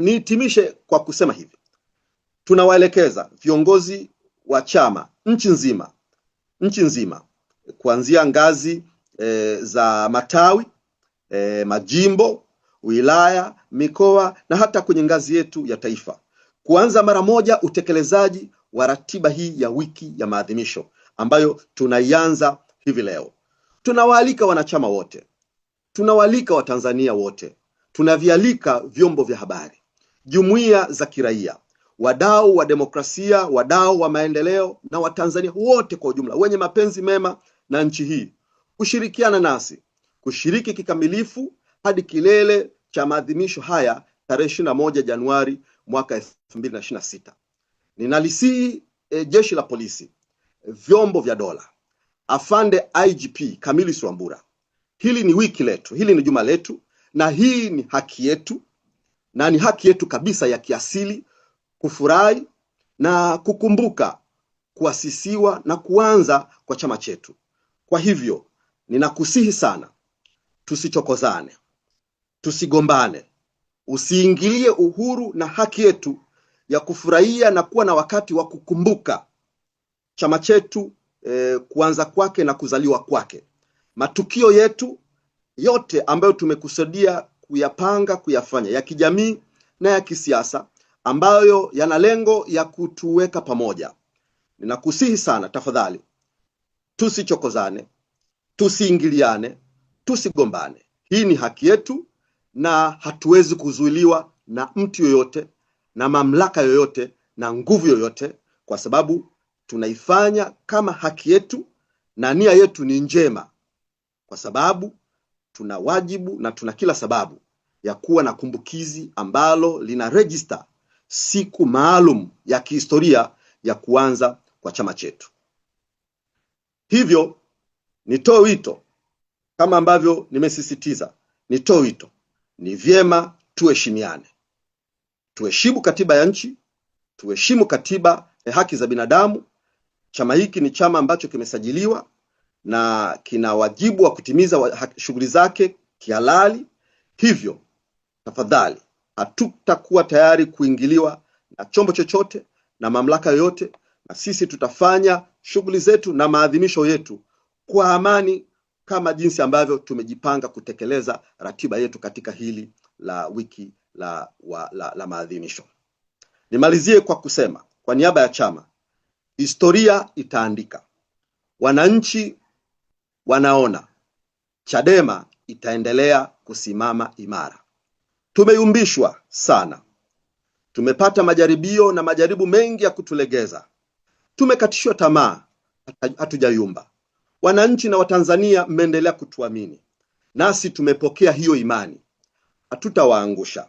Nihitimishe kwa kusema hivi, tunawaelekeza viongozi wa chama nchi nzima nchi nzima kuanzia ngazi e, za matawi e, majimbo, wilaya, mikoa na hata kwenye ngazi yetu ya taifa kuanza mara moja utekelezaji wa ratiba hii ya wiki ya maadhimisho ambayo tunaianza hivi leo. Tunawaalika wanachama wote, tunawaalika Watanzania wote, tunavialika vyombo vya habari jumuiya za kiraia, wadau wa demokrasia, wadau wa maendeleo na Watanzania wote kwa ujumla wenye mapenzi mema na nchi hii kushirikiana nasi kushiriki kikamilifu hadi kilele cha maadhimisho haya tarehe moja Januari mwaka 2026. Ninalisihi e, jeshi la polisi, vyombo vya dola, afande IGP Kamili Swambura, hili ni wiki letu, hili ni juma letu, na hii ni haki yetu na ni haki yetu kabisa ya kiasili kufurahi na kukumbuka kuasisiwa na kuanza kwa chama chetu. Kwa hivyo, ninakusihi sana, tusichokozane, tusigombane, usiingilie uhuru na haki yetu ya kufurahia na kuwa na wakati wa kukumbuka chama chetu eh, kuanza kwake na kuzaliwa kwake. Matukio yetu yote ambayo tumekusudia kuyapanga kuyafanya ya kijamii na ya kisiasa ambayo yana lengo ya kutuweka pamoja. Ninakusihi sana tafadhali, tusichokozane, tusiingiliane, tusigombane. Hii ni haki yetu na hatuwezi kuzuiliwa na mtu yoyote na mamlaka yoyote na nguvu yoyote, kwa sababu tunaifanya kama haki yetu na nia yetu ni njema, kwa sababu tuna wajibu na tuna kila sababu ya kuwa na kumbukizi ambalo lina rejista siku maalum ya kihistoria ya kuanza kwa chama chetu. Hivyo nitoe wito kama ambavyo nimesisitiza, nitoe wito, ni vyema tuheshimiane, tuheshimu katiba ya nchi, tuheshimu katiba ya haki za binadamu. Chama hiki ni chama ambacho kimesajiliwa na kina wajibu wa kutimiza shughuli zake kihalali. Hivyo tafadhali, hatutakuwa tayari kuingiliwa na chombo chochote na mamlaka yoyote, na sisi tutafanya shughuli zetu na maadhimisho yetu kwa amani kama jinsi ambavyo tumejipanga kutekeleza ratiba yetu katika hili la wiki la, wa, la, la maadhimisho. Nimalizie kwa kusema kwa niaba ya chama, historia itaandika. Wananchi wanaona Chadema itaendelea kusimama imara. Tumeyumbishwa sana, tumepata majaribio na majaribu mengi ya kutulegeza, tumekatishwa tamaa, hatujayumba. Wananchi na Watanzania mmeendelea kutuamini, nasi tumepokea hiyo imani, hatutawaangusha.